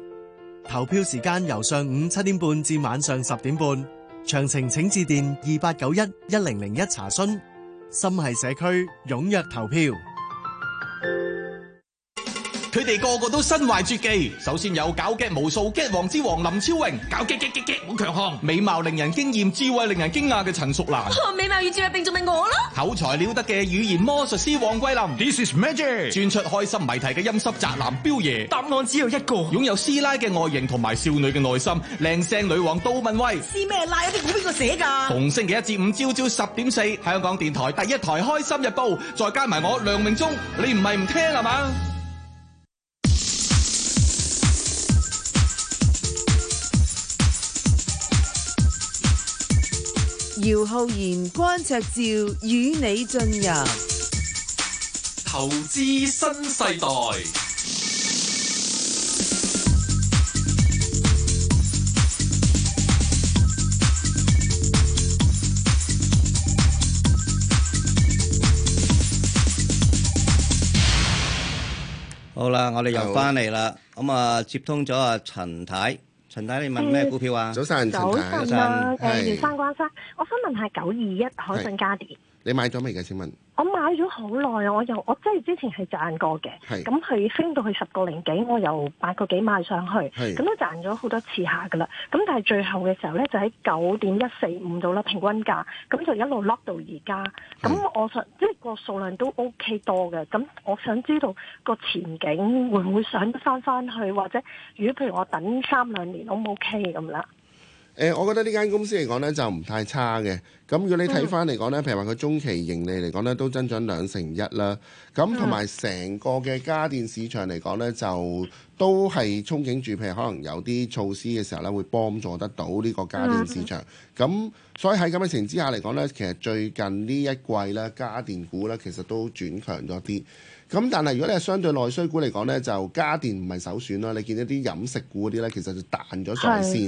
投票時間由上午七點半至晚上十點半，詳情請致電二八九一一零零一查詢。心繫社區踴躍投票。佢哋個個都身懷絕技，首先有搞劇無數劇王之王林超榮，搞激激激劇好強悍，美貌令人驚豔，智慧令人驚訝嘅陳淑蘭，哦，美貌與智慧並重咪我咯，口才了得嘅語言魔術師黃桂林，This is magic，轉出開心謎題嘅陰濕宅男彪爺，答案只有一個，擁有師奶嘅外形同埋少女嘅內心，靚聲女王杜汶威，師咩奶啊啲冇邊個寫㗎，逢星期一至五朝朝十點四香港電台第一台開心日報，再加埋我梁榮忠，你唔係唔聽係嘛？姚浩然關卓照與你進入投資新世代。好啦，我哋又翻嚟啦，咁啊的接通咗阿陳太。陳太，你問咩股票啊？嗯、早晨，早晨啊！誒，姚生關生，我想問下九二一海信家電。你買咗未嘅？請問我買咗好耐啊！我又我即係之前係賺過嘅，咁佢是升到去十個零幾，我又八個幾買上去，咁是都賺咗好多次下噶啦。咁但係最後嘅時候呢，就喺九點一四五度啦，平均價，咁就一路 lock 到而家。咁我想是即係個數量都 OK 多嘅。咁我想知道個前景會唔會上翻翻去，或者如果譬如我等三兩年，O 唔 OK 咁啦？誒、呃，我覺得呢間公司嚟講呢，就唔太差嘅。咁如果你睇翻嚟講呢，譬如話佢中期盈利嚟講呢，都增長兩成一啦。咁同埋成個嘅家電市場嚟講呢，就都係憧憬住，譬如可能有啲措施嘅時候呢，會幫助得到呢個家電市場。咁、嗯、所以喺咁嘅情況之下嚟講呢，其實最近呢一季呢，家電股呢，其實都轉強咗啲。咁但係如果你係相對內需股嚟講呢，就家電唔係首選啦。你見一啲飲食股嗰啲呢，其實就彈咗上嚟先。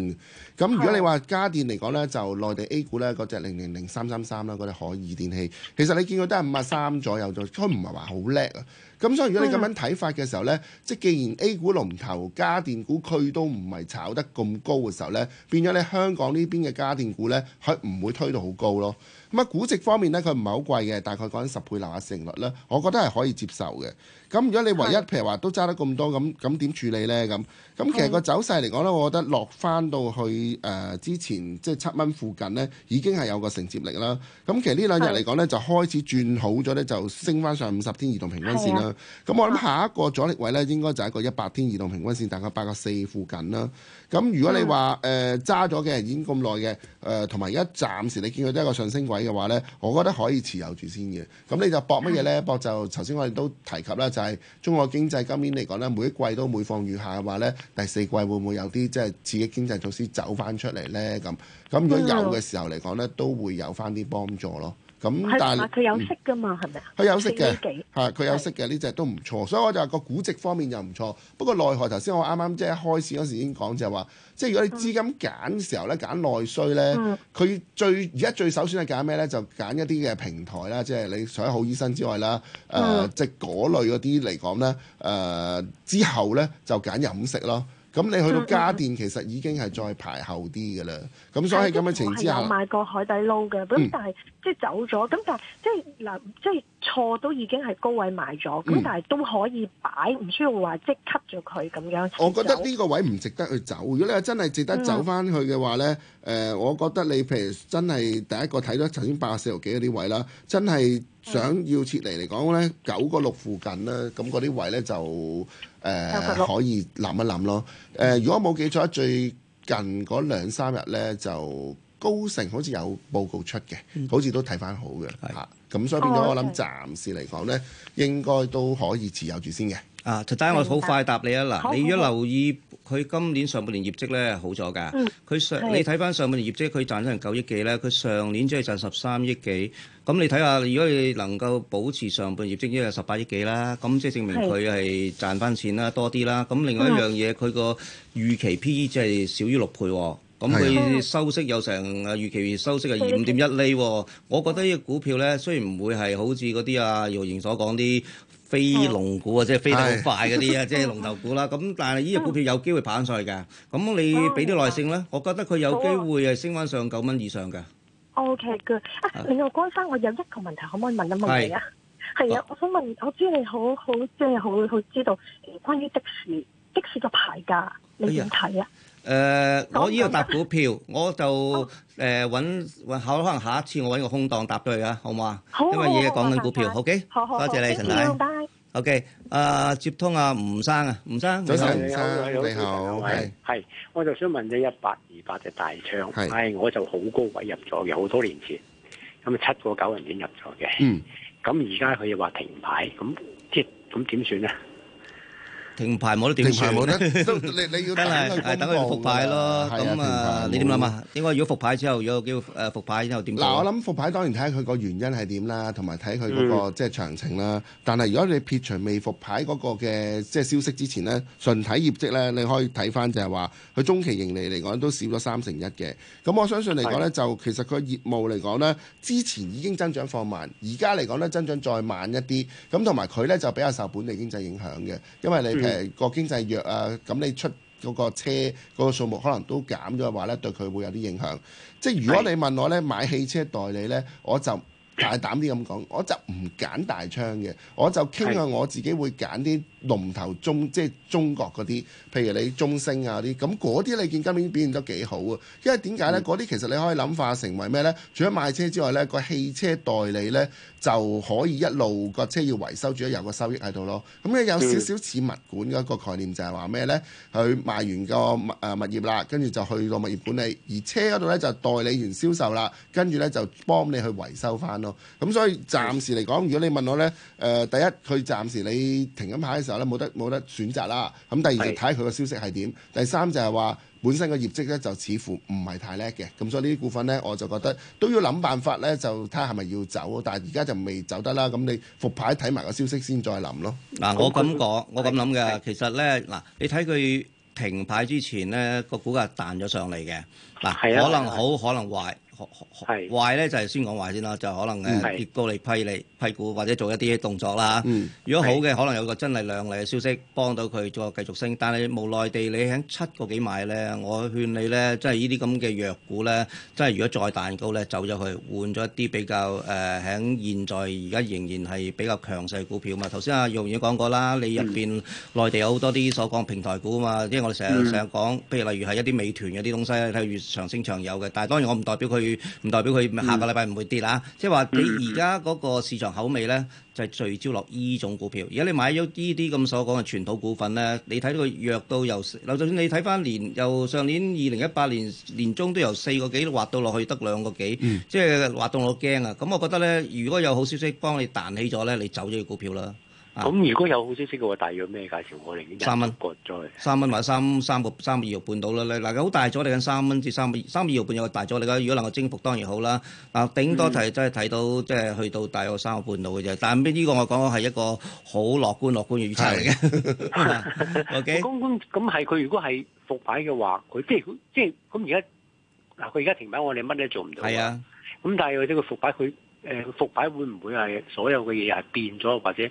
咁是如果你話家電嚟講呢，就內地 A 股呢，嗰隻零零零三三三啦，嗰隻海爾電器，其實你見佢都係五啊三左右啫，佢唔係話好叻啊。咁所以如果你咁樣睇法嘅時候呢，即既然 A 股龍頭家電股佢都唔係炒得咁高嘅時候呢，變咗呢香港呢邊嘅家電股呢，佢唔會推到好高咯。咁、嗯、啊，估值方面呢，佢唔係好貴嘅，大概講緊十倍樓下成率呢，我覺得係可以接受嘅。咁如果你唯一的，譬如話都揸得咁多，咁咁點處理呢？咁咁其實個走勢嚟講呢，我覺得落翻到去誒、呃、之前即係七蚊附近呢，已經係有個承接力啦。咁其實呢兩日嚟講呢，的就開始轉好咗呢，就升翻上五十天移動平均線啦。咁、啊、我諗下一個阻力位呢，應該就係一個一百天移動平均線，大概八個四附近啦。咁如果你話誒揸咗嘅已經咁耐嘅誒，同埋而家暫時你見佢都係一個上升位嘅話呢，我覺得可以持有住先嘅。咁你就搏乜嘢呢？搏的就頭先我哋都提及啦。就係中國經濟今年嚟講咧，每一季都每況愈下嘅話咧，第四季會唔會有啲即係刺激經濟措施走翻出嚟咧？咁咁如果有嘅時候嚟講咧，都會有翻啲幫助咯。咁但係佢有色噶嘛？係咪啊？佢有色嘅，係佢有色嘅呢隻都唔錯，所以我就話個估值方面又唔錯。不過奈何頭先我啱啱即係開始嗰時已經講就係話，即係如果你資金揀時候咧揀內需咧，佢、嗯、最而家最首先係揀咩咧？就揀一啲嘅平台啦，即係你除咗好醫生之外啦，誒即係嗰類嗰啲嚟講咧，誒、呃、之後咧就揀飲食咯。咁你去到家電、嗯嗯、其實已經係再排後啲嘅啦。咁所以咁嘅情況之下，買過海底撈嘅，咁但係。即係走咗，咁但係即係嗱，即係錯都已經係高位賣咗，咁但係都可以擺，唔需要話即係吸著佢咁樣。我覺得呢個位唔值得去走。如果你真係值得走翻去嘅話咧，誒，我覺得你譬如真係第一個睇咗頭先八十四廿幾嗰啲位啦，真係想要撤離嚟講咧，九個六附近啦，咁嗰啲位咧就誒可以諗一諗咯。誒，如果冇記錯，最近嗰兩三日咧就。高盛好似有報告出嘅，嗯、好似都睇翻好嘅嚇，咁、啊、所以變咗我諗暫時嚟講呢，應該都可以持有住先嘅。啊 d 我好快答你啊嗱，你如果留意佢今年上半年業績呢，好咗㗎，佢上你睇翻上半年業績，佢賺咗成九億幾呢，佢上年即係賺十三億幾，咁你睇下，如果你能夠保持上半年業績，一日十八億幾啦，咁即係證明佢係賺翻錢啦，多啲啦。咁另外一樣嘢，佢個預期 P E 即係少於六倍。咁佢收息有成啊，預期如收息啊，五點一厘、哦。我覺得呢個股票咧，雖然唔會係好似嗰啲啊，姚瑩所講啲飛龍股啊，哦、即係飛得好快嗰啲啊，即係、哦、龍頭股啦。咁但係呢隻股票有機會跑翻上去嘅。咁你俾啲耐性啦。我覺得佢有機會係升翻上九蚊以上嘅、哦。OK 嘅。啊，另外江生，我有一個問題，可唔可以問一問你是啊？係啊，我想問，我知你好好即係好好知道關於的士的士個牌價，你點睇啊？哎誒，我依度搭股票，我就誒揾，好可能下一次我揾個空檔搭過去啊，好唔好啊？因為依家講緊股票，好嘅，多謝你陳太，好嘅。誒，接通啊，吳生啊，吳生，早晨你好，你好，係，我就想問你一百二百隻大槍，係，我就好高位入咗嘅，好多年前，咁啊七個九銀點入咗嘅，嗯，咁而家佢又話停牌，咁即係咁點算咧？停牌冇得點算停牌，你你要等佢，係等佢復牌咯。咁 那啊，你點諗啊？應該如果復牌之後有機會誒復牌之後點？嗱、呃，我諗復牌當然睇下佢個原因係點啦，同埋睇佢嗰個、嗯、即係詳情啦。但係如果你撇除未復牌嗰個嘅即係消息之前呢，純睇業績咧，你可以睇翻就係話佢中期盈利嚟講都少咗三成一嘅。咁我相信嚟講咧，嗯、就其實佢業務嚟講咧，之前已經增長放慢，而家嚟講咧增長再慢一啲。咁同埋佢咧就比較受本地經濟影響嘅，因為你。誒個經濟弱啊，咁你出嗰個車嗰個數目可能都減咗嘅話呢，對佢會有啲影響。即係如果你問我呢，的買汽車代理呢，我就大膽啲咁講，我就唔揀大槍嘅，我就傾向我自己會揀啲。龍頭中即係中國嗰啲，譬如你中升啊啲，咁嗰啲你見今年表現得幾好啊！因為點解呢？嗰啲、嗯、其實你可以諗化成為咩呢？除咗賣車之外呢，個汽車代理呢就可以一路、個車要維修，住，一有個收益喺度咯。咁、嗯、咧、嗯、有少少似物管嗰個概念，就係話咩呢？佢賣完個誒物業啦，跟住就去到物業管理，而車嗰度呢就代理完銷售啦，跟住呢就幫你去維修翻咯。咁所以暫時嚟講，如果你問我呢，誒、呃、第一佢暫時你停緊牌嘅時候。冇得冇得選擇啦。咁、嗯、第二就睇佢個消息係點。第三就係、是、話本身個業績咧就似乎唔係太叻嘅。咁所以呢啲股份咧，我就覺得都要諗辦法咧，就睇下係咪要走。但係而家就未走得啦。咁你復牌睇埋個消息先，再諗咯。嗱、啊，我咁講，我咁諗嘅。其實咧，嗱，你睇佢停牌之前咧，個股價彈咗上嚟嘅。嗱，係啊可能好，係啊可能壞。係壞咧就係先講壞先啦，就是就是、可能誒是跌高嚟批你批股或者做一啲動作啦。嗯、如果好嘅是可能有個真係量嚟嘅消息幫到佢再繼續升，但係無奈地你喺七個幾買咧，我勸你咧，即、就、係、是、呢啲咁嘅弱股咧，即係如果再彈高咧走咗去，換咗一啲比較誒喺、呃、現在而家仍然係比較強勢股票嘛。頭先阿容已經講過啦，你入邊內地有好多啲所講平台股嘛，即、嗯、因為我成日成日講，嗯、譬如例如係一啲美團嗰啲東西，睇越長升長有嘅，但係當然我唔代表佢。唔代表佢下個禮拜唔會跌喇！嗯、即係話你而家嗰個市場口味呢，就係、是、聚焦落呢、e、種股票。而家你買咗呢啲咁所講嘅傳統股份呢，你睇到佢弱到由，就算你睇返年由上年二零一八年年中都由四個幾滑到落去得兩個幾，嗯、即係滑到我驚啊！咁我覺得呢，如果有好消息幫你彈起咗呢，你走咗個股票啦。咁、啊、如果有好消息嘅話，大約咩價錢？條我哋已經割咗。三蚊，或者三三個三二毫半到啦。嗱，佢好大咗，你講三蚊至三三二毫半，如果大咗，你講如果能夠征服，當然好啦。嗱，頂多係真係睇到即係去到大約三個半到嘅啫。但係呢個我講嘅係一個好樂觀樂觀嘅預測嚟嘅。O K，咁咁咁係佢如果係復牌嘅話，佢即係即係咁而家嗱，佢而家停牌，我哋乜都做唔到係啊。咁但係或者佢復牌，佢誒佢復牌會唔會係所有嘅嘢係變咗或者？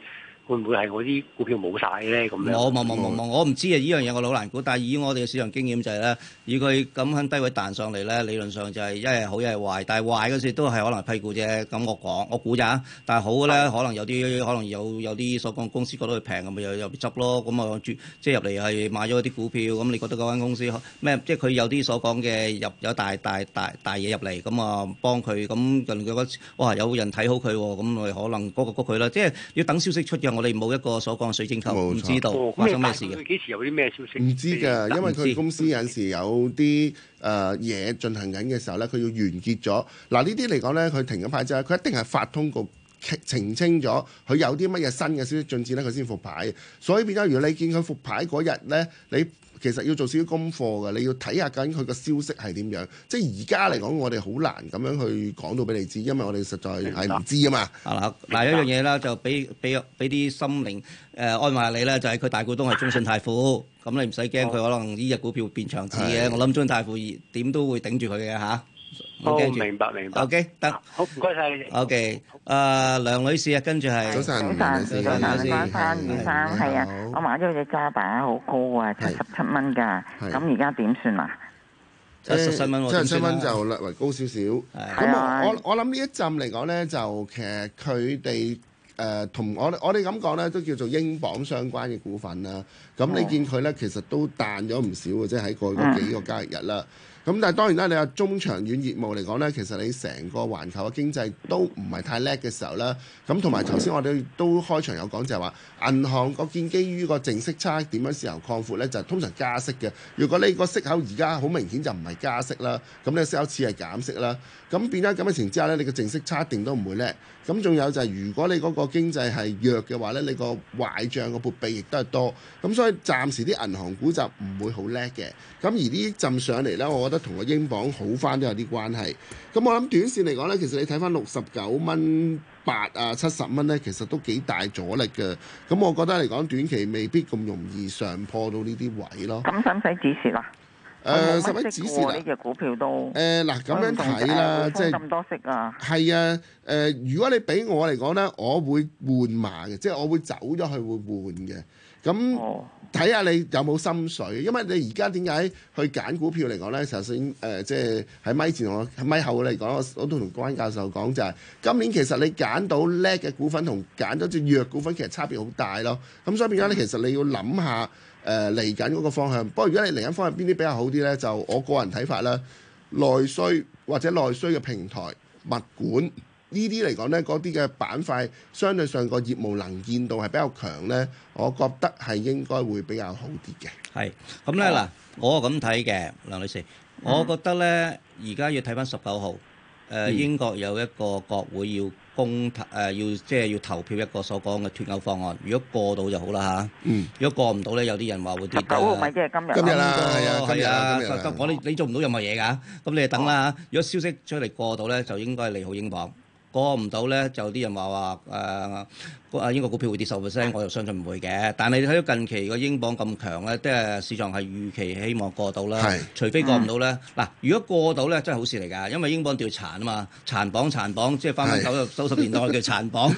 會唔會係我啲股票冇晒咧？咁冇冇冇冇冇，我唔知啊！呢樣嘢我好難估。但係以我哋嘅市場經驗就係、是、咧，以佢咁喺低位彈上嚟咧，理論上就係一係好一係壞。但係壞嗰時都係可能批股啫。咁我講我估咋？但係好咧，可能有啲可能有有啲所講公司覺得佢平咁咪又入去執咯。咁啊，即係入嚟係買咗啲股票。咁你覺得嗰間公司咩？即係佢有啲所講嘅入有大大大大嘢入嚟。咁啊，幫佢咁令佢哇有人睇好佢。咁我哋可能嗰谷佢啦。即係要等消息出嘅。我哋冇一個所講水晶球唔錯知道、哦嗯、發生咩事嘅，幾時有啲咩消息？唔知㗎，因為佢公司有時有啲誒嘢進行緊嘅時候咧，佢要完結咗。嗱呢啲嚟講咧，佢停咗牌之後，佢一定係發通告澄清咗，佢有啲乜嘢新嘅消息進展咧，佢先復牌。所以變咗，如果你見佢復牌嗰日咧，你。其實要做少少功課嘅，你要睇下究竟佢個消息係點樣。即係而家嚟講，我哋好難咁樣去講到俾你知，因為我哋實在係唔知啊嘛。啊嗱，嗱一樣嘢啦，就俾俾俾啲心靈誒安慰下你咧，就係佢大股東係中信泰富。咁你唔使驚佢可能呢隻股票變長線嘅。的我諗中信泰富點都會頂住佢嘅嚇。好明白，明白。O K，得，好，唔該晒你。O K，誒，梁女士啊，跟住係，早晨，梁女士，早晨，先生，係啊，我買咗嘢，加大好高啊，七十七蚊噶，咁而家點算啊？七十七蚊，七十七蚊就略為高少少。係啊。咁我我我諗呢一陣嚟講咧，就其實佢哋誒同我我哋咁講咧，都叫做英鎊相關嘅股份啦。咁你見佢咧，其實都彈咗唔少嘅，即係喺過去嗰幾個交易日啦。咁但係當然啦，你話中長遠業務嚟講呢，其實你成個環球嘅經濟都唔係太叻嘅時候呢。咁同埋頭先我哋都開場有講就係話，銀行個建基於個淨息差點樣試圖擴闊呢，就係通常加息嘅。如果你個息口而家好明顯就唔係加息啦，咁你個息口似係減息啦。咁變咗咁嘅情況之下呢，你個淨息差一定都唔會叻。咁仲有就係、是、如果你嗰個經濟係弱嘅話呢，你個壞帳個撥備亦都係多。咁所以暫時啲銀行股就唔會好叻嘅。咁而呢浸上嚟呢，我覺得同個英鎊好翻都有啲關係。咁我諗短線嚟講呢，其實你睇翻六十九蚊八啊七十蚊呢，其實都幾大阻力嘅。咁我覺得嚟講短期未必咁容易上破到呢啲位咯。咁使唔使指示啦？誒十蚊指示你嘅股票都嗱，誒嗱咁樣睇啦，即係咁多色啊！係啊，誒、呃、如果你俾我嚟講咧，我會換馬嘅，即、就、係、是、我會走咗去會換嘅。咁睇、哦、下你有冇心水，因為你而家點解去揀股票嚟講咧？首先誒，即係喺咪前同咪後嚟講，我都同關教授講就係、是、今年其實你揀到叻嘅股份同揀咗隻弱股份其實差別好大咯。咁所以變咗咧，嗯、其實你要諗下。誒嚟緊嗰個方向，不過如果你嚟緊方向邊啲比較好啲呢？就我個人睇法啦，內需或者內需嘅平台、物管呢啲嚟講呢，嗰啲嘅板塊相對上個業務能見度係比較強呢，我覺得係應該會比較好啲嘅。係，咁呢，嗱、啊，我咁睇嘅，梁女士，我覺得呢，而家、嗯、要睇翻十九號。誒、嗯、英國有一個國會要公誒要即係要投票一個所講嘅脱歐方案，如果過到就好啦嚇。啊嗯、如果過唔到咧，有啲人話會跌到，唔係即係今日、啊啊。今日啦，係啊，係啊，我、嗯、你你做唔到任何嘢㗎。咁你就等啦嚇。嗯、如果消息出嚟過到咧，就應該係利好英鎊。過唔到咧，就啲人話話誒，啊、呃、英國股票會跌10%，我就相信唔會嘅。但係你睇到近期個英鎊咁強咧，即係市場係預期希望過到啦。是除非過唔到咧，嗱、嗯，如果過到咧，真係好事嚟㗎，因為英鎊掉殘啊嘛，殘鎊殘鎊，即係翻翻九九十年代叫殘鎊。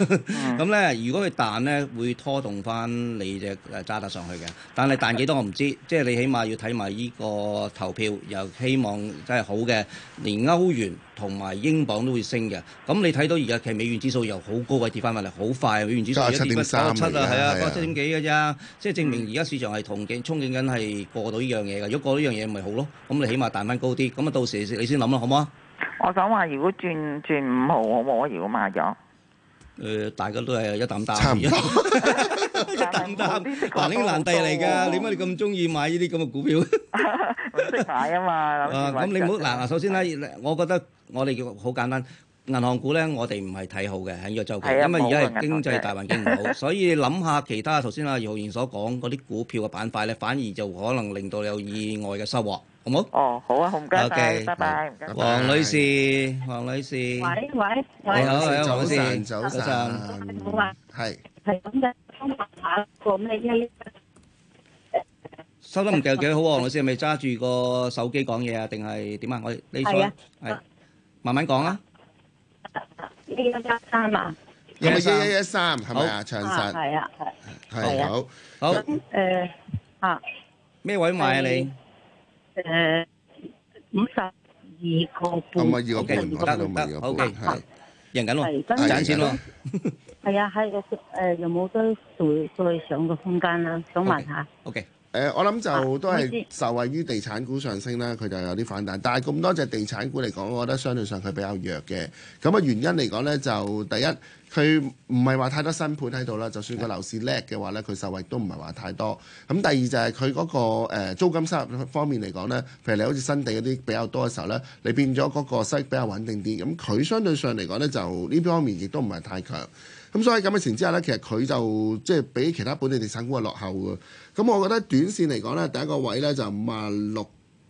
咁咧，如果佢彈咧，會拖動翻你隻誒渣打上去嘅。但係彈幾多我唔知，即係你起碼要睇埋呢個投票，又希望真係好嘅。連歐元。同埋英鎊都會升嘅，咁你睇到而家其實美元指數由好高位跌翻翻嚟，好快美元指數嘅跌幅攞七啊，係、嗯、啊，多七、啊啊、點幾嘅、啊、啫，啊、即係證明而家市場係憧憬、憧憬緊係過到呢樣嘢嘅，如果過到呢樣嘢咪好咯，咁、嗯、你起碼彈翻高啲，咁啊到時你先諗啦，好唔好？我想話如果轉轉五號好冇？啊？如果賣咗。誒，大家都係一擔擔，差唔多一擔擔難兄難弟嚟噶。點解你咁中意買呢啲咁嘅股票？識買啊嘛！啊，咁你唔好嗱嗱，首先咧，我覺得我哋叫好簡單，銀行股咧，我哋唔係睇好嘅喺呢個週期，因為而家係經濟大環境唔好，所以諗下其他頭先阿楊浩然所講嗰啲股票嘅板塊咧，反而就可能令到你有意外嘅收穫。好唔好？哦，好啊，唔該晒，拜拜，唔該晒。黃女士，黃女士。喂喂喂！你好，早晨，早晨。係。係咁嘅，三百下一個，咁你收得唔夠幾好？黃女士，係咪揸住個手機講嘢啊？定係點啊？我呢處係啊，係，慢慢講啊。一三三啊？有冇一一一三？係咪啊？長實。啊，係啊，係。係啊。好。好。誒，啊，咩位買啊你？誒，五十二個半，五十二個半，好嘅。係，係，贏緊咯，係賺錢咯，係啊，係誒，有冇得再再上個空間啦，想問下，ok, okay。誒、呃，我諗就都係受惠於地產股上升啦，佢就有啲反彈。但係咁多隻地產股嚟講，我覺得相對上佢比較弱嘅。咁啊原因嚟講呢，就第一，佢唔係話太多新盤喺度啦。就算個樓市叻嘅話呢，佢受惠都唔係話太多。咁、嗯、第二就係佢嗰個、呃、租金收入方面嚟講呢，譬如你好似新地嗰啲比較多嘅時候呢，你變咗嗰個息比較穩定啲。咁佢相對上嚟講呢，就呢方面亦都唔係太強。咁、嗯、所以咁嘅情之下呢，其實佢就即係比其他本地地產股係落後嘅。咁、嗯、我覺得短線嚟講呢，第一個位呢就五萬六。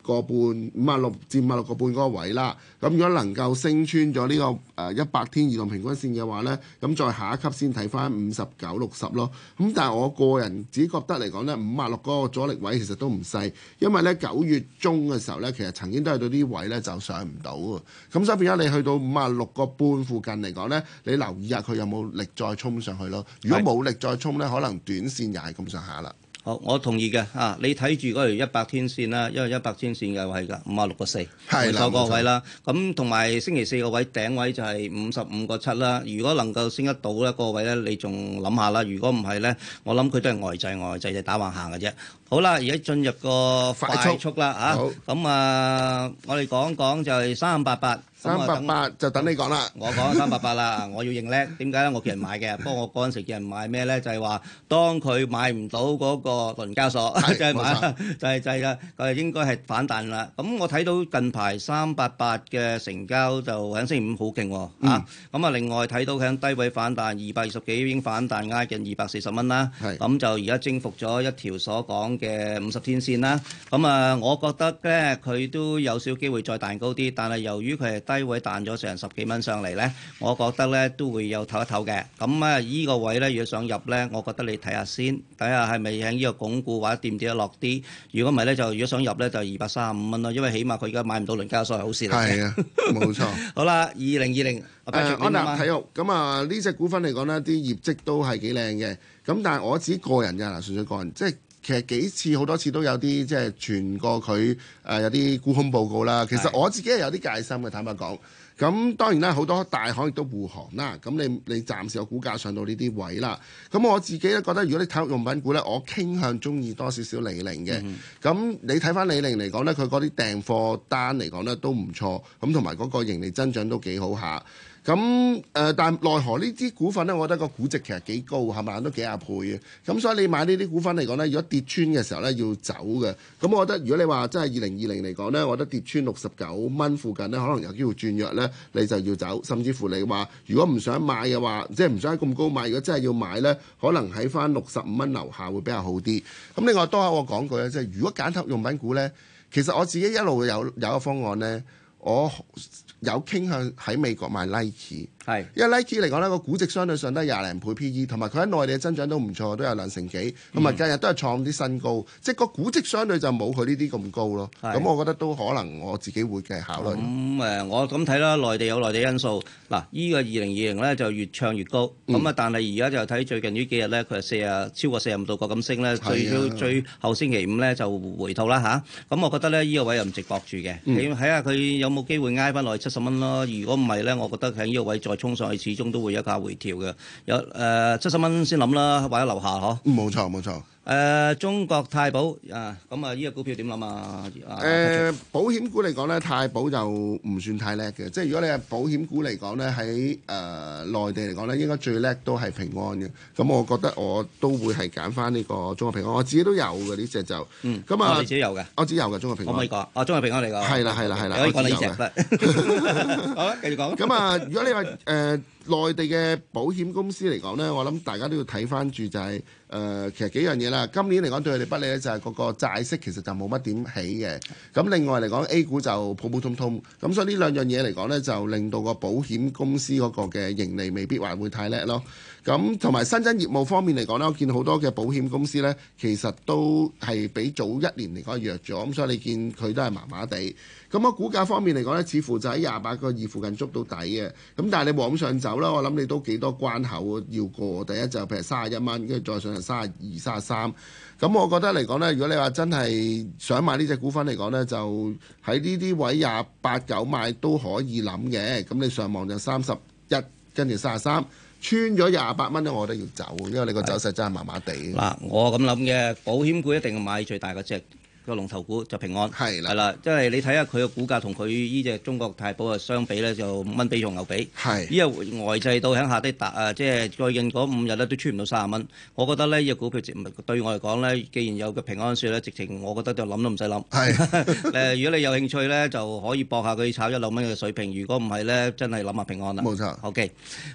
個半五啊六至五啊六個半嗰個位啦，咁如果能夠升穿咗呢個誒一百天移動平均線嘅話呢，咁再下一級先睇翻五十九六十咯。咁但係我個人自己覺得嚟講呢，五啊六嗰個阻力位其實都唔細，因為呢九月中嘅時候呢，其實曾經都去到啲位呢就上唔到㗎。咁所以變咗你去到五啊六個半附近嚟講呢，你留意下佢有冇力再衝上去咯。如果冇力再衝呢，可能短線又係咁上下啦。好，我同意嘅啊！你睇住嗰條一百天線啦，因為一百天線嘅係噶五啊六個四，睇下各位啦。咁同埋星期四個位頂位就係五十五個七啦。如果能夠升得到咧，各、那個、位咧你仲諗下啦。如果唔係咧，我諗佢都係呆滯呆滯就打橫行嘅啫。好啦，而家進入個快速啦速啊！咁好啊，我哋講講就係三五八八。三百八就等你講啦，我講三百八啦，我要認叻。點解咧？ 我叫人買嘅，不過我嗰陣時叫人買咩咧？就係、是、話當佢買唔到嗰個倫交所，就係就係啊，佢應該係反彈啦。咁我睇到近排三百八嘅成交就響星期五好勁喎，嚇！咁啊，嗯、啊另外睇到喺低位反彈二百二十幾已經反彈，挨近二百四十蚊啦。咁是就而家征服咗一條所講嘅五十天線啦。咁啊，我覺得咧佢都有少機會再彈高啲，但係由於佢係低位彈咗成十幾蚊上嚟呢，我覺得呢都會有唞一唞嘅。咁啊，依個位呢，如果想入呢，我覺得你睇下先，睇下係咪喺呢個鞏固話跌唔跌得落啲？如果唔係呢，就如果想入呢，就二百三十五蚊咯。因為起碼佢而家買唔到輪嘉鎖係好事嚟嘅。係啊，冇錯。 好啦，二零二零安踏體育咁啊，呢隻、呃、股份嚟講呢，啲業績都係幾靚嘅。咁但係我自己個人㗎嗱、呃，純粹個人即係。其實幾次好多次都有啲即係傳過佢誒、呃、有啲沽空報告啦。其實我自己係有啲戒心嘅，坦白講。咁當然啦，好多大行亦都護航啦。咁你你暫時有股價上到呢啲位啦。咁我自己咧覺得，如果你體育用品股呢，我傾向中意多少少李寧、嗯、哼李寧嘅。咁你睇翻李寧嚟講呢，佢嗰啲訂貨單嚟講呢都唔錯，咁同埋嗰個盈利增長都幾好下。咁誒、呃，但奈何呢啲股份呢，我覺得個估值其實幾高，係嘛都幾廿倍嘅。咁所以你買呢啲股份嚟講呢，如果跌穿嘅時候呢，要走嘅。咁我覺得如果你話真係二零二零嚟講呢，我覺得跌穿六十九蚊附近呢，可能有機會轉弱呢，你就要走。甚至乎你話如果唔想買嘅話，即係唔想喺咁高買。如果真係要買呢，可能喺翻六十五蚊樓下會比較好啲。咁另外多一下我講句，咧，即係如果揀頭用品股呢，其實我自己一路有有一個方案呢。我。有傾向喺美國買 Nike。係，因為 Nike 嚟講呢個估值相對上都係廿零倍 P/E，同埋佢喺內地嘅增長都唔錯，都有兩成幾，咁啊近日都係創啲新高，即係個估值相對就冇佢呢啲咁高咯。咁是我覺得都可能我自己會繼續考慮。咁誒、嗯，我咁睇啦，內地有內地因素。嗱，依、這個二零二零咧就越唱越高。咁、嗯、啊，但係而家就睇最近呢幾日咧，佢係四啊超過四十五度角咁升咧，最到最後星期五咧就回吐啦吓，咁、啊嗯、我覺得呢依、這個位又唔值博住嘅。嗯、你睇下佢有冇機會挨翻落七十蚊咯？如果唔係咧，我覺得佢喺呢個位再。衝上去，始終都會有一價回調嘅。有誒、呃、七十蚊先諗啦，或者樓下嗬。冇錯冇錯。誒、呃，中國太保啊，咁啊，呢個股票點諗啊？誒、啊呃，保險股嚟講咧，太保就唔算太叻嘅。即係如果你係保險股嚟講咧，喺誒內地嚟講咧，應該最叻都係平安嘅。咁我覺得我都會係揀翻呢個中國平安。我自己都有嘅呢隻就，咁啊，我自，我自己有嘅，我自己有嘅中國平安。我咪講，我、啊、中國平安嚟講，係啦係啦係啦，可以講呢隻，好， 繼續講。咁啊，如果你話誒內地嘅保險公司嚟講咧，我諗大家都要睇翻住就係、是。誒、呃，其實幾樣嘢啦。今年嚟講對佢哋不利咧，就係、是、嗰個債息其實就冇乜點起嘅。咁另外嚟講，A 股就普普通通。咁所以呢兩樣嘢嚟講呢就令到個保險公司嗰個嘅盈利未必話會太叻咯。咁同埋新增業務方面嚟講呢，我見好多嘅保險公司呢，其實都係比早一年嚟講弱咗，咁所以你見佢都係麻麻地。咁我股價方面嚟講呢似乎就喺廿八個二附近捉到底嘅。咁但係你往上走啦，我諗你都幾多關口要過。第一就譬如三十一蚊，跟住再上就三十二、三十三。咁我覺得嚟講呢，如果你話真係想買呢隻股份嚟講呢，就喺呢啲位廿八九買都可以諗嘅。咁你上望就三十一，跟住三十三。穿咗廿八蚊，我都要走，因為你個走勢真係麻麻地。嗱，我咁諗嘅，保險股一定要買最大嗰隻。個龍頭股就平安，係啦的，係啦，即係你睇下佢嘅股價同佢呢隻中國太保啊相比咧，就五蚊比仲牛比，係呢又外滯到喺下啲達啊，即係最近嗰五日咧都出唔到三十蚊，我覺得呢依、這個、股票值唔對我嚟講呢，既然有個平安說咧，直情我覺得就諗都唔使諗，係的 如果你有興趣咧就可以搏下佢炒一兩蚊嘅水平，如果唔係咧，真係諗下平安啦，冇錯，OK，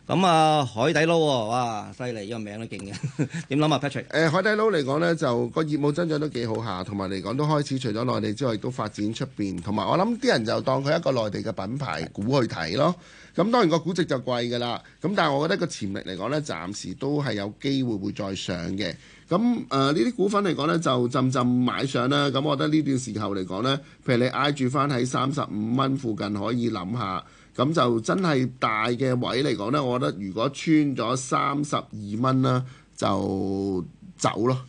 咁啊海底撈、哦、哇犀利，呢、這個名都勁嘅，點諗啊 Patrick？誒、呃、海底撈嚟講呢，就個業務增長都幾好下，同埋嚟講。都開始除咗內地之外，都發展出邊，同埋我諗啲人就當佢一個內地嘅品牌股去睇咯。咁當然個估值就貴㗎喇。咁但係我覺得個潛力嚟講呢，暫時都係有機會會再上嘅。咁誒呢啲股份嚟講呢，就浸浸買上啦。咁我覺得呢段時候嚟講呢，譬如你挨住返喺三十五蚊附近可以諗下。咁就真係大嘅位嚟講呢。我覺得如果穿咗三十二蚊啦，就走咯。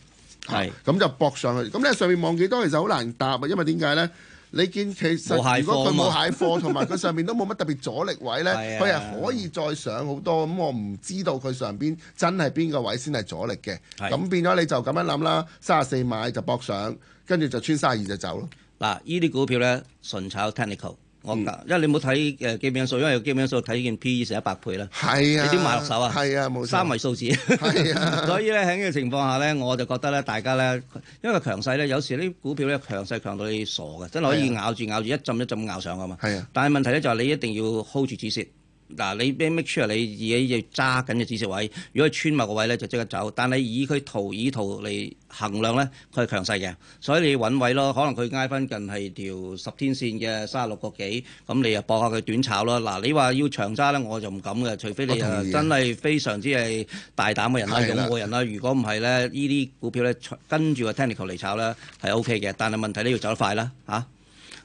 係，咁是、啊、就搏上去。咁你上面望幾多，其實好難答，啊，因為點解呢？你見其實如果佢冇蟹貨，同埋佢上面都冇乜特別阻力位呢，佢係、 啊、可以再上好多。咁我唔知道佢上邊真係邊個位先係阻力嘅。咁是變咗你就咁樣諗啦，三十四買就搏上，跟住就穿三十二就走咯。嗱，呢啲股票呢，純炒 technical。我、嗯、因為你冇睇誒基本面數，呃嗯、因為基本面數睇見 P E 成一百倍啦。係啊，你點買落手啊？係啊，冇錯，三位數字。係 啊，所以咧喺呢個情況下咧，我就覺得咧，大家咧，因為強勢咧，有時啲股票咧強勢強到你傻嘅，真係可以咬住、啊、咬住一浸一浸咬上㗎嘛。係啊，但係問題咧就係你一定要 hold 住止蝕。嗱，你咩 make sure 你自己要揸緊嘅止蝕位，如果穿埋個位咧，就即刻走。但係以佢圖以圖嚟衡量咧，佢係強勢嘅，所以你揾位咯。可能佢挨翻近係條十天線嘅卅六個幾，咁你啊博下佢短炒啦。嗱，你話要長揸咧，我就唔敢嘅。除非你真係非常之係大膽嘅人啦、勇嘅人啦。如果唔係咧，呢啲股票咧跟住個 technical 嚟炒咧係 OK 嘅，但係問題你要走得快啦，嚇、啊。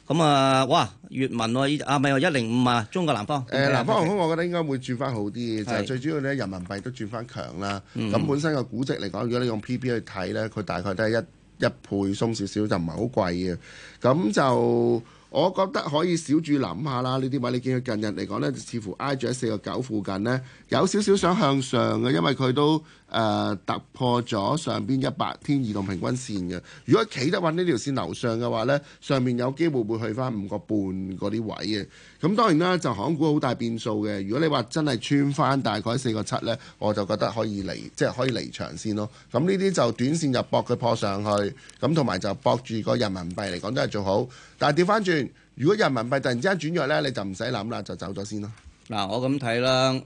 咁啊、嗯，哇，粵文啊咪有一零五啊，中國南方。誒、呃，南方航空，方方我覺得應該會轉翻好啲，是就最主要咧，人民幣都轉翻強啦。咁、嗯、本身個估值嚟講，如果你用 P p 去睇咧，佢大概都係一一倍鬆一點點，鬆少少就唔係好貴嘅。咁就我覺得可以小注諗下啦。呢啲位你見佢近日嚟講咧，似乎挨住喺四個九附近咧，有少，少少想向上嘅，因為佢都。誒、呃、突破咗上邊一百天移動平均線嘅。如果企得穩呢條線樓上嘅話呢，上面有機會會去翻五個半嗰啲位嘅。咁當然啦，就港股好大變數嘅。如果你話真係穿翻大概四個七呢，我就覺得可以離，即、就、係、是、可以離場先咯。咁呢啲就短線就搏佢破上去，咁同埋就搏住個人民幣嚟講都係最好。但係調翻轉，如果人民幣突然之間轉弱呢，你就唔使諗啦，就走咗先咯。嗱，我咁睇啦，誒、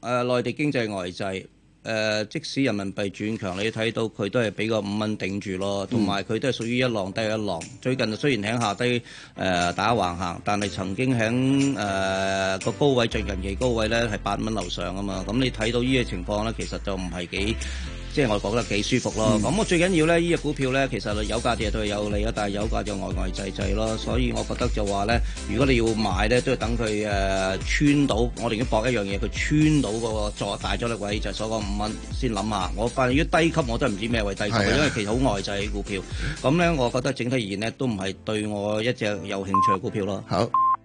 呃、內地經濟外滯。呃誒、呃，即使人民幣轉強，你睇到佢都係俾個五蚊頂住咯，同埋佢都係屬於一浪低一浪。最近雖然喺下低誒打橫行，但係曾經喺誒個高位，近期高位咧係八蚊樓上啊嘛，咁你睇到呢個情況咧，其實就唔係幾。即係我覺得幾舒服咯。咁我、嗯、最緊要咧，呢隻股票咧，其實有價跌都係有利啊，但係有價就外外滯滯咯。所以我覺得就話咧，如果你要買咧，都要等佢誒、呃、穿到。我寧願搏一樣嘢，佢穿到嗰個作大阻力位，就所講五蚊先諗下。我發現於低級我都唔知咩為低級，啊、因為其實好外滯嘅股票。咁咧，我覺得整體而言咧，都唔係對我一隻有興趣嘅股票咯。好。